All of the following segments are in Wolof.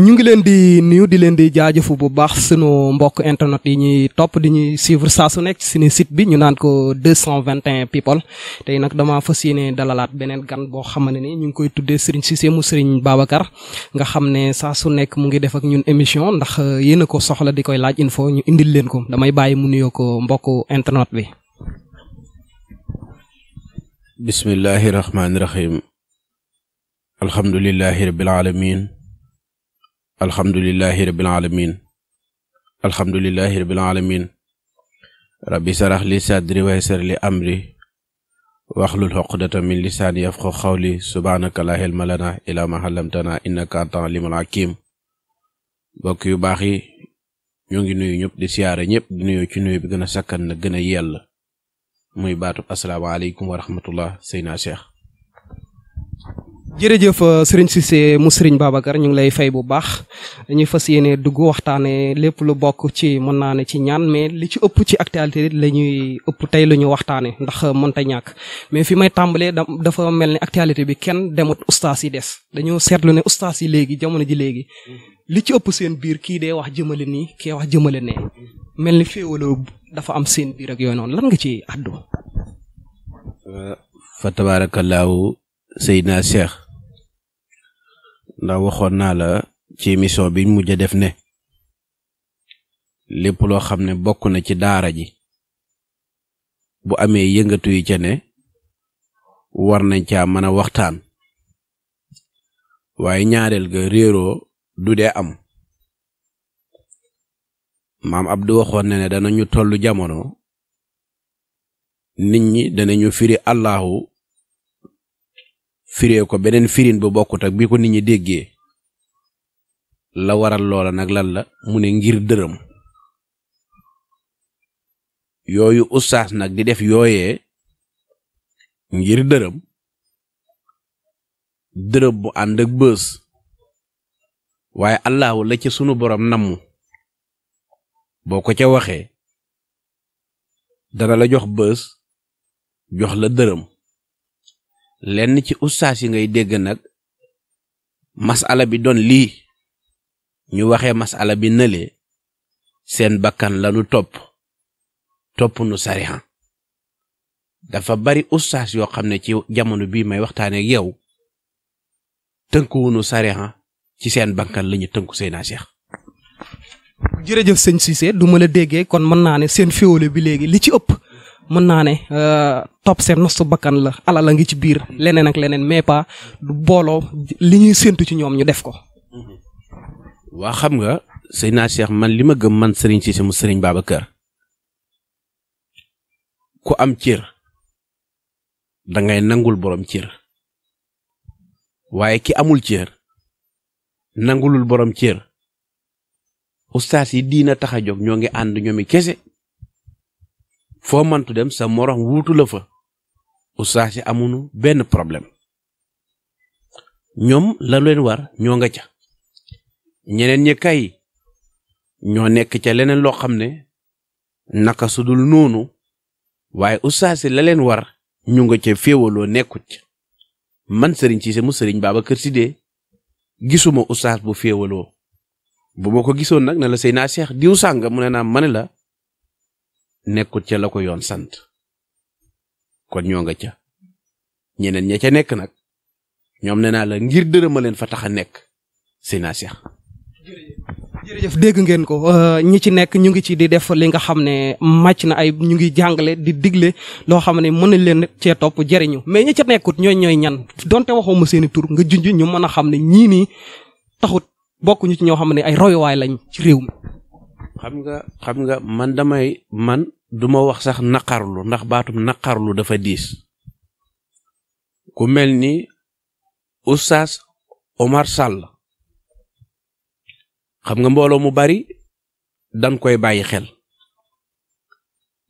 ñu ngi leen di nuyu di leen di jaajëfu bu baax sunu mbokk internet yi ñuy topp di ñuy suivre saa nekk ci site bi ñu naan ko 221 people tey nag dama fas yéene dalalaat beneen gan boo xam ne ni ñu ngi koy tuddee Serigne Cissé mu Serigne Babacar nga xam ne saa su nekk mu ngi def ak ñun émission ndax euh, yéen a ko soxla di koy laaj info ñu indil leen ko damay bàyyi mu nuyoo ko mbokk internet bi. bismillahi rahmaani rahim alhamdulillahi rabbil alamin alhamdulillahi rabbil alamin rabbi sarax li sadri wa li amri waxlul xoqdata min lisaani yafqahu xawli subhaanaka laa ilma lanaa illaa maa allamtanaa innaka anta alimul hakim mbokk yu baax yi ñoo ngi nuyu ñëpp di siyaare ñëpp di nuyu ci nuyu bi gën a sakkan na gën a yell muy baatub asalaamaaleykum wa rahmatullah Seyna Cheikh jërëjëf euh, sëriñ Cissé mu sëriñ Babacar ñu ngi lay fay bu baax dañuy fas yéene dugg waxtaanee lépp lu bokk ci mën naa ne ci ñaan mais li ci ëpp ci actualité la ñuy ëpp tey la ñu waxtaanee ndax euh, mënta ñàkk. mais fi may tàmbalee dafa mel ni actualité bi kenn demut ustaas yi des dañoo seetlu ne ustaas yi léegi jamono ji léegi mm. li ci ëpp seen biir kii dee wax jëmale nii kee wax jëmale nee mm. mel ni féewaloo dafa am seen biir ak yooyu noonu lan nga ci àddu. Euh, fa tabaarakallaahu Seydina Cheikh ndax waxoon naa la ci émission bi mujj a def ne lépp loo xam ne bokk na ci daara ji bu amee yëngatu yi ca ne war nañ caa mën a waxtaan waaye ñaareel ga réeroo du dee am maam Abdou waxoon na ne danañu tollu jamono nit ñi danañu firi allahu firee ko beneen firin bu bokkut ak bi ko nit ñi déggee la waral loola nag lan la mu ne ngir dërëm yooyu ustaas nag di def yooyee ngir dërëm dërëm bu ànd ak bës waaye allahu la ci sunu borom namm boo ko ca waxee dana la jox bës jox la dërëm lenn ci ustaas yi ngay dégg nag masala bi doon lii ñu waxee masala bi nële seen bakkan lanu topp topp nu sarixan dafa bari ustaas yoo xam ne ci jamono bii may waxtaaneek yow tënkuwunu sarixan ci seen bakkan lañu tënku Seydina Cheikh jërëjëf sëñ Cissé du ma la déggee kon mën naa ne seen féewale bi léegi li ci ëpp mën naa ne euh, topp seen nastu bakkan la alal a ngi ci biir leneen ak leneen mais pas du booloo li ñuy séntu ci ñoom ñu def ko. waa xam nga sëy naa Cheikh man li ma gëm man Serigne Cissé mu Serigne Babacar ku am cër da ngay nangul borom cër waaye ki amul cër nangulul borom cër ustaas yi diina tax a jóg ñoo ngi ànd ñoomi kese. foo mantu dem sa morom wuutu la fa ustaas yi amuñu benn problème ñoom la leen war ñoo nga ca ñeneen ñi kay ñoo nekk ca leneen loo xam ne naka su dul noonu waaye ustaas yi la leen war ñu nga ca féewaloo nekkut ca man sëriñ Cissé mu sëriñ Babacar Sy de gisuma ustaas bu féewaloo bu ma ko gisoon nag ne la sëy naa seex diw sànga mu ne naa mane la nekkut ca la ko yoon sant kon ñoo nga ca ñeneen ña ca nekk nag ñoom nee naa la ngir dërëma leen fa tax a nekk si naa seex jërëjëf dégg ngeen ko euh, ñi ci nekk ñu ngi ci di def li nga xam ne màcc na ay ñu ngi jàngale di digle loo xam ne mën nañ leen cee topp jëriñu mais ñi ca nekkut ñooy ñooy ñan donte waxoo ma seeni tur nga junj ñu mën a xam ne ñii nii taxut bokk ci ñoo xam ne ay royuwaay lañ ci réew mi xam nga xam nga man damay man duma wax sax naqarlu ndax baatum naqarlu dafa diis ku mel ni oustaz Omar Sall xam nga mbooloo mu bari dañ koy bàyyi xel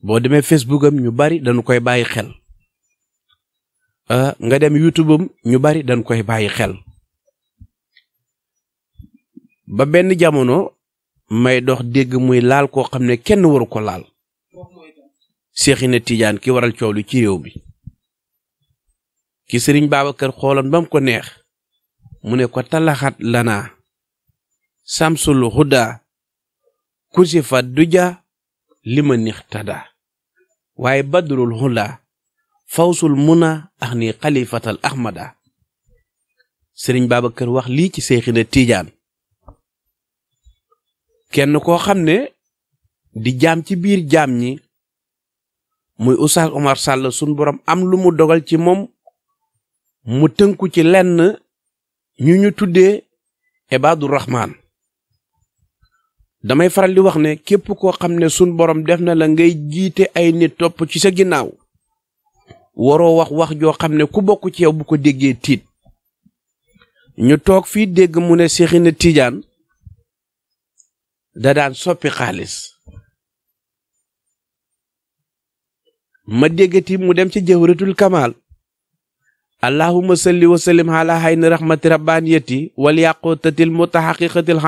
boo demee Facebook am ñu bari dañu koy bàyyi xel uh, nga dem YouTube am ñu bari dañ koy bàyyi xel ba benn jamono may dox dégg muy laal koo xam ne kenn waru ko laal na Tijaan ki waral coow lu ci réew bi ki sëriñ Babacar xooloon ba mu ko neex mu ne ko talaxat lana samsul huda kusifa duja li ma nix waaye badrul huda fawsul a ax ni xalifatal ahmada sëriñ kër wax lii ci Seexina Tijaan kenn koo xam ne di jaam ci biir jaam ñi muy Oustaz Oumar Sall sun borom am lu mu dogal ci moom mu tënku ci lenn ñu ñu tuddee Ibaadu Rahmaan damay faral di wax ne képp koo xam ne sun borom def na la ngay jiite ay nit topp ci sa ginnaaw waroo wax wax joo xam ne ku bokk ci yow bu ko déggee tiit ñu toog fii dégg mu ne Seexina Tijaan da daan soppi mu dem ci jawharatul kamal allahumma salli wa sallim ala hayni rahmati rabbaniyati wal yaqutatil mutahaqiqatil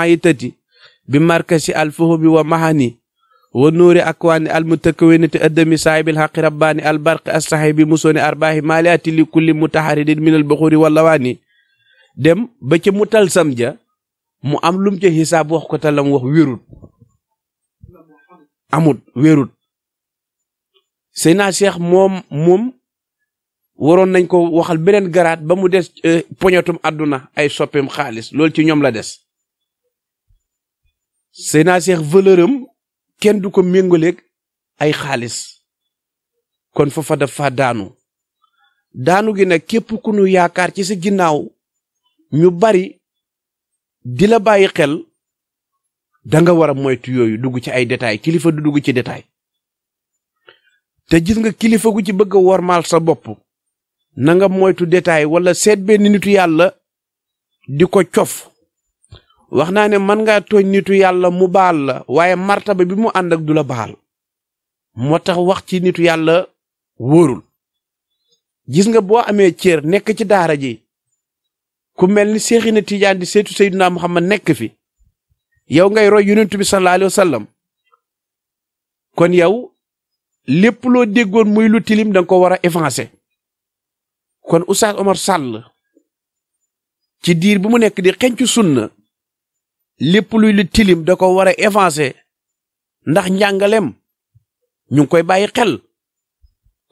bi markasi alfuhumi wa mahani wa nuuri akwani almutakawinati addami saahibil haqi rabbani albarqi assahibi musoni arbahi maliati li kulli mutaharidin min albuxuri wallawani dem ba ca mutalsam ja mu am lum ca xisaab wax ko te lam wax wérut amut wérut sëy naa Cheikh moom moom waroon nañ ko waxal beneen garaat ba mu des euh, poñatum àdduna ay soppeem xaalis loolu ci ñoom la des sëy naa Cheikh valeur kenn du ko méngaleeg ay xaalis kon foofa dafa daanu daanu gi na képp ku nu yaakaar ci sa ginnaaw ñu bari di la bàyyi xel danga war a moytu yooyu dugg ci ay détails kilifa du dugg ci détail te gis nga kilifa gu ci bëgg a wormaal sa bopp nanga moytu détail wala seet benn nitu yàlla di ko cof wax naa ne mën nga tooñ nitu yàlla mu baal la waaye martaba bi mu ànd ak du la baal moo tax wax ci nitu yàlla wóorul gis nga boo amee cër nekk ci daara ji ku mel ni Seexina Tijaan di seetu Seydina Muhammad nekk fi yow ngay roy yonent bi sallallahu sallam kon yow lépp loo déggoon muy lu tilim danga ko war a effacer kon Oustaz Omar Sall ci diir bi mu nekk di xencu sunna lépp luy lu tilim da ko war a effacer ndax njàngalem ñu ngi koy bàyyi xel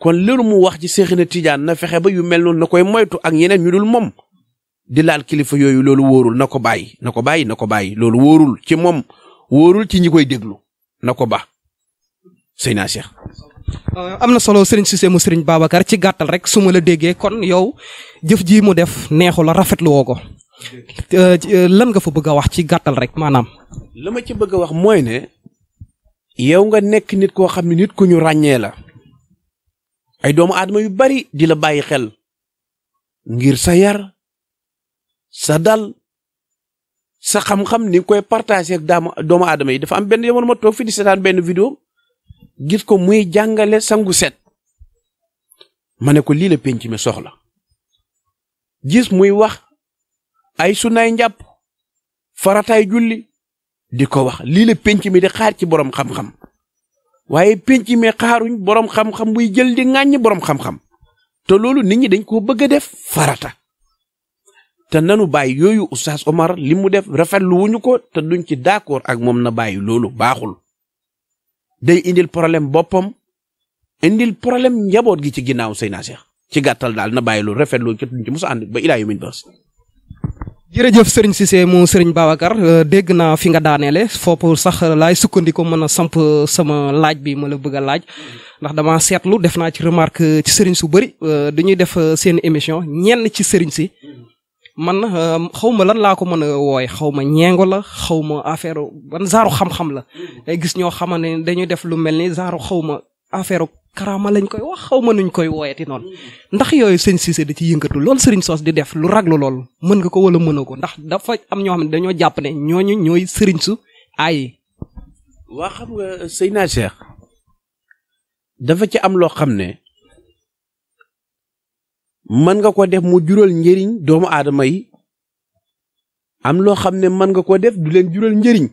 kon leeru mu wax ci Seexina Tijaan na fexe ba yu mel noonu na koy moytu ak ñeneen ñu dul moom di laal kilifa yooyu loolu wóorul na ko bàyyi na ko bàyyi na ko bàyyi loolu wóorul ci moom wóorul ci ñi koy déglu na ko ba sëñ naa Cheikh. Euh, am na solo Serigne Cissé mu Serigne Babacar ci gàttal rek su ma la déggee kon yow jëf ji mu def neexul la rafetlu woo ko euh, euh, lan nga fa bëgg a wax ci gàttal rek maanaam. la ma ci bëgg a wax mooy ne. yow nga nekk nit koo xam ne nit ku ñu ràññee la. ay doomu aadama yu bari di la bàyyi xel. ngir sa yar sa dal sa xam-xam ni koy partagé ak doomu aadama yi dafa am benn jamono ma toog fi di benn vidéo gis ko muy jàngale sangu set ma ne ko lii la mi soxla gis muy wax ay sunnaay njàpp farataay julli di ko wax lii la penc mi di xaar ci borom xam-xam waaye penc mi xaaruñ borom xam-xam buy jël di ŋàññi borom xam-xam te loolu nit ñi dañ koo bëgg a def farata te nanu bàyyi yooyu oustaz Omar li mu def rafetlu wuñu ko te duñ ci d'accord ak moom na bàyyi loolu baaxul day indil problème boppam indil problème njaboot gi ci ginnaaw say naa Cheikh ci gàttal daal na bàyyi loolu rafetlu ci duñ ci mos ànd ba ilaa yu min bas jërëjëf sëriñ Cissé mu sëriñ Babacar euh, dégg naa fi nga daaneele foofu sax laay sukkandiku mën a samp sama laaj bi ma la bëgg a laaj ndax dama seetlu def naa ci remarque ci sëriñ su bëri euh, dañuy def euh, seen émission ñenn ci sëriñ si man euh, xaw ma lan laa ko mën a wooye xaw ma ñeengo la xaw ma affaire ban genre xam-xam la ay gis ñoo xamante ne dañuy def lu mel ni genre xaw ma affaire karaama lañ koy wax xaw ma nuñ koy wooyati noonu ndax yooyu sëñ Cissé da ci yëngatu lool sëriñ soos di def lu raglu lool mën nga ko wala mënoo ko ndax dafa am ñoo xam ne dañoo jàpp ne ñooñu ñooy sëriñ su ay waa xam nga sëñ naa Cheikh dafa ci am loo xam ne mën nga ko def mu jural njëriñ doomu aadama yi am loo xam ne mën nga ko def du leen jural njëriñ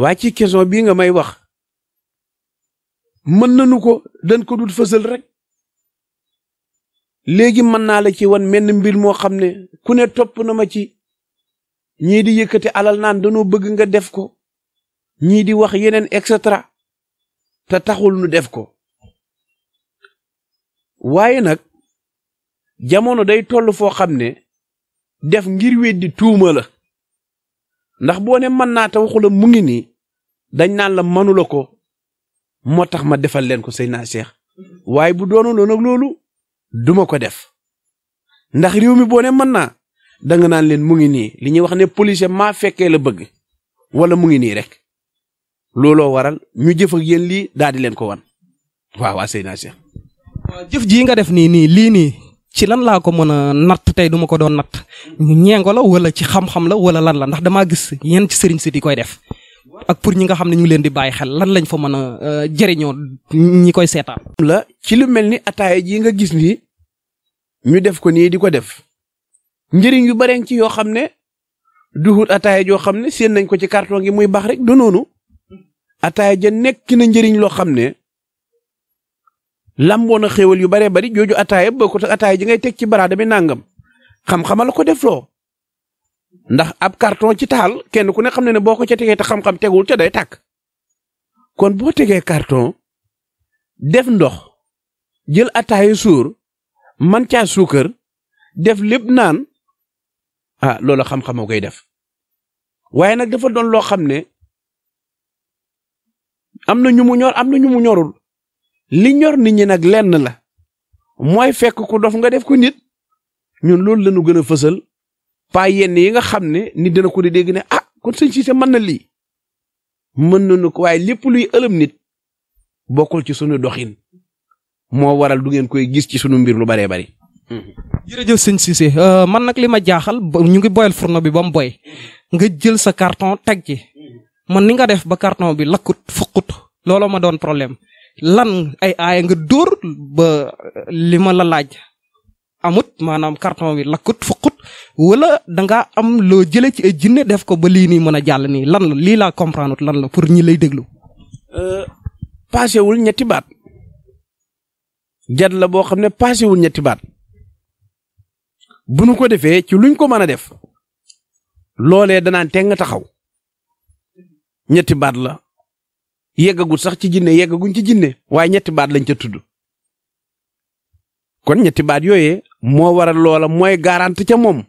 waa ci question bii nga may wax mën nanu ko dañ ko dul fësal léegi mën naa la ci wan menn mbir moo xam ne ku ne topp na ma ci ñii di yëkkati alal naan dañoo bëgg nga def ko ñii di wax yeneen et te taxul nu def ko waaye nag jamono day toll foo xam ne def ngir weddi tuuma la ndax boo ne mën naa te waxu mu ngi nii dañ naan la mënu la ko moo tax ma defal leen ko sëy naa Cheikh waaye bu doonu loon ak loolu duma ko def ndax réew mi boo ne mën naa danga naan leen mu ngi nii li ñuy wax ne policier maa fekkee la bëgg wala mu ngi nii rek looloo waral ñu jëf ak yéen lii daal di leen ko wan waaw waa jëf jii nga def nii nii lii nii ci lan laa ko mën a natt tey duma ko doon natt ñeengo la wala ci xam-xam la wala lan la ndax damaa gis yéen ci sëriñ si di koy def ak pour ñi nga xam ne ñu leen di bàyyi xel lan lañ fa mën a euh, jëriñoo ñi koy seetaan. la ci lu mel ni ataaya ji nga gis nii ñu def ko nii di ko def njëriñ yu bare ci yoo xam ne duhut ataaya joo xam ne seen nañ ko ci carton gi muy baax rek du noonu ataaya ja nekk na njëriñ loo xam lamboon a xéewal yu baree bari jooju ataaya bokkut te ataaya ji ngay teg ci baraada bi nàngam xam-xama la ko defloo ndax ab carton ci taal kenn ku ne xam ne ne boo ko ca tegee te xam-xam tegul ca day tàkk kon boo tegee carton def ndox jël ataaya suur man caa suukar def lépp naan a ah, loolu xam-xama koy def waaye nag dafa doon loo xam ne am na ñu mu ñor am na ñu mu ñorul li ñor nit ñi nag lenn la mooy fekk ku dof nga def ko nit ñun loolu lañu gën a fësal pas yenn yi nga xam ne nit dina ko di dégg ne ah kon sëñ Cissé mën na lii mën nañu ko waaye lépp luy ëlëm nit bokkul ci sunu doxin moo waral du ngeen koy gis ci sunu mbir lu baree bari. jërëjëf sëñ Cissé euh, mën nag li ma jaaxal ñu ngi boyal fourneau bi ba mu boy nga jël sa carton teg ci mën ni nga def ba carton bi lakkut fukkut looloo ma doon problème lan ay aaya nga dóor ba euh, li ma la laaj amut maanaam carton bi lakkut fukkut wala danga am loo jële ci ay jinne def ko ba lii nii mën a jàll nii lan la lii laa comprendre lan la pour ñi lay déglu. Euh, paasewul ñetti baat jat la boo xam ne paasewul ñetti baat bu ko defee ci luñ ko mën a def loolee danaan teg nga taxaw ñetti baat la yeggagul sax ci jinne yeggaguñ ci jinne waaye ñetti baat lañ ca tudd kon ñetti baat yooye moo waral loola mooy garante ca moom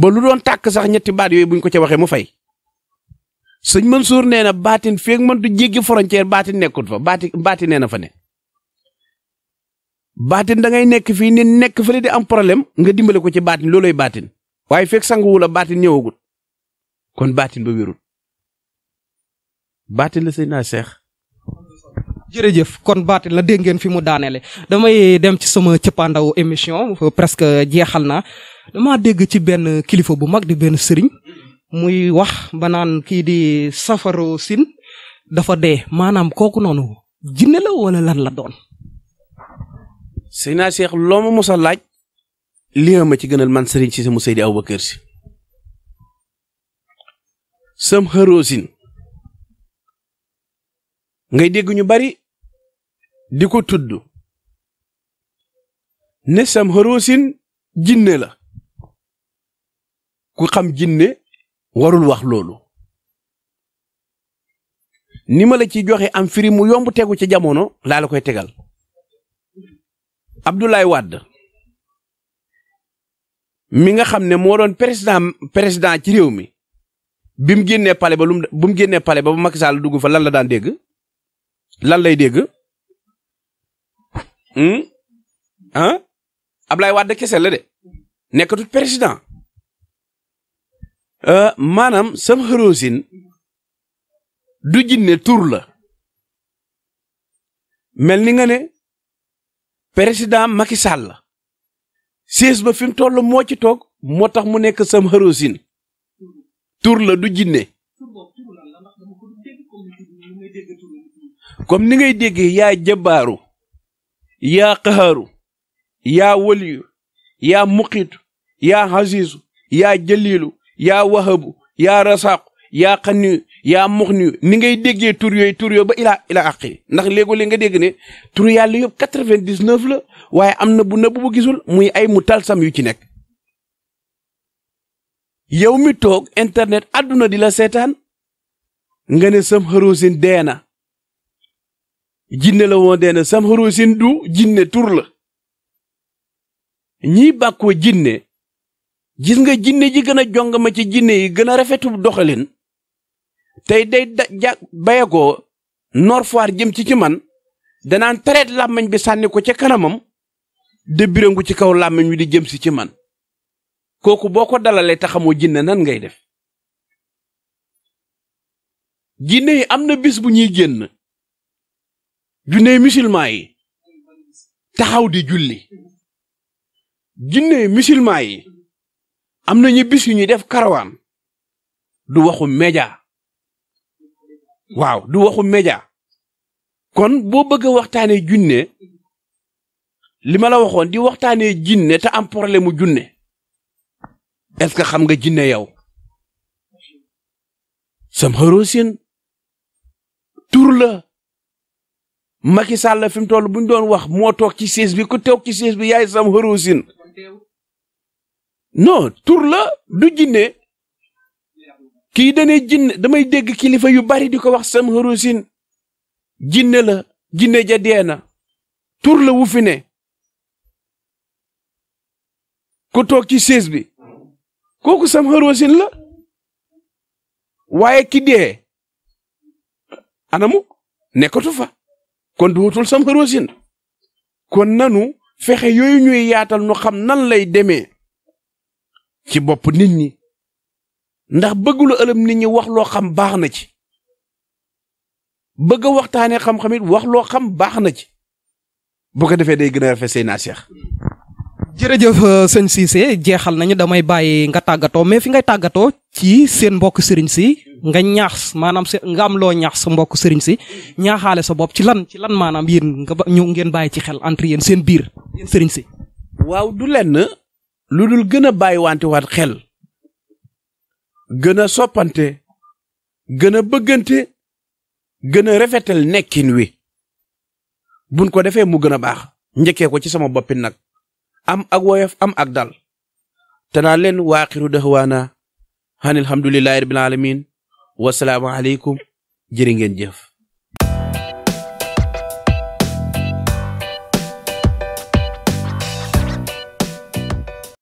ba lu doon tàkk sax ñetti baat yooyu buñ ko ca waxee mu fay sëñ Mansour nee na baatin feeg man du jéggi frontière baatin nekkul fa baati baati nee na fa ne baatin da ngay nekk fii ni nekk fële di am problème nga dimbale ko ci baatin looloy baatin waaye feeg sanguwula baatin ñëwagut kon baatin ba wérul baati la sëñ naa seex jërëjëf kon baati la dégg ngeen fi mu daaneele damay dem ci sama cëppaandawu émission presque jeexal na dama dégg ci benn kilifa bu mag di benn sëriñ muy wax ba naan kii di Safarou dafa dee maanaam kooku noonu jinne la wala lan la doon. sëñ naa seex loo ma mos laaj li ma ci gënal man sëriñ si sama Seydi Ababacar Si sam xëroo sin ngay dégg ñu bari di ko tudd ne Samharoosin jinne la ku xam jinne warul wax loolu ni ma la ci joxe am firi mu yomb tegu ci jamono laa la koy tegal Abdoulaye wàdd mi nga xam ne moo doon président président ci réew mi bi mu génnee pale ba lu mu bu mu pale ba ba Macky Sall dugg fa lan la daan dégg lan lay dégg ah Ablaye Wade kese la de nekkatut président euh, maanaam sam xëroosin du jinne tur la mel ni nga ne président Macky Sall la siis ba fi mu toll moo ci toog moo tax mu nekk sam xëroosin tur la du jinné comme ni ngay déggee yaa jabaaru yaa qaharu yaa waliyu yaa muqitu yaa xasiisu yaa jaliilu yaa wahabu yaa rasaaqu yaa xanniyu yaa muxniyu ni ngay déggee tur yooyu tur yooyu ba ilaa ilaa ndax léegoo léeg nga dégg ne tur yàlla yëpp quatre vingt dix la waaye am na bu nëbb bu gisul muy ay mu talsam yu ci nekk yow mi toog internet àdduna di la seetaan nga ne sam xaroosin deena jinne la woon dee na samxaroo seen tur la ñiy bàkkoo jinne gis nga jinne ji gën a jongama ci jinne yi gën a rafetu doxalin tey day da norfoir jëm ci ci man danaan tereet làmmiñ bi sànni ko ca kanamam de birangu ci kaw làmmiñ wi di jëm ci ci man kooku boo ko dalalee te xamoo jinne nan ngay def jinne yi am na bis bu ñuy génn junne musulman yi taxaw di julli junne musulman yi am na ñu bis yu ñuy def karawaan du waxu média waaw du waxu média kon boo bëggee waxtaanee junne li ma la waxoon di waxtaanee jinne te am problème mu junne est-ce que xam nga jinné yow sam xaroo seen tur Macky Sall fi mu toll bu ñu doon wax moo toog ci siis bi ku toog ci siis bi yaay sam xërusin non tur la du jinne kii danay jinne damay dégg kilifa yu bari di ko wax sam xërusin jinne la jinne ja dee na tur la wu fi ne ku toog ci siis bi kooku sam xërusin la waaye ki dee anamu nekkatu fa kon dootul sam xarosin kon nanu fexe yooyu ñuy yaatal nu xam nan lay demee ci bopp nit ñi ndax bëgg lu ëlëm nit ñi wax loo xam baax na ci bëgg a waxtaanee xam-xam it wax loo xam baax na ci bu ko defee day gën a rafet say naa seex jërëjëf sëñ Cissé jeexal nañu damay bàyyi nga tàggatoo mais fi ngay tàggatoo ci seen mbokk sëriñ si nga ñaax maanaam se nga am loo ñaax sa mbokk sëriñ si ñaaxaale sa bopp ci lan ci lan maanaam yéen nga ñu ngeen bàyyi ci xel entre yéen seen biir yéen sëriñ si. waaw du lenn lu dul gën a bàyyi wante waat xel gën a soppante gën a bëggante gën a rafetal nekkin wi buñ ko defee mu gën a baax njëkkee ko ci sama boppi nag am ak woyof am ak dal te naa leen waaxiru daxwaana xan alhamdulillahi rabbil alamin wasalaamu aleykum jërë ngeen jëf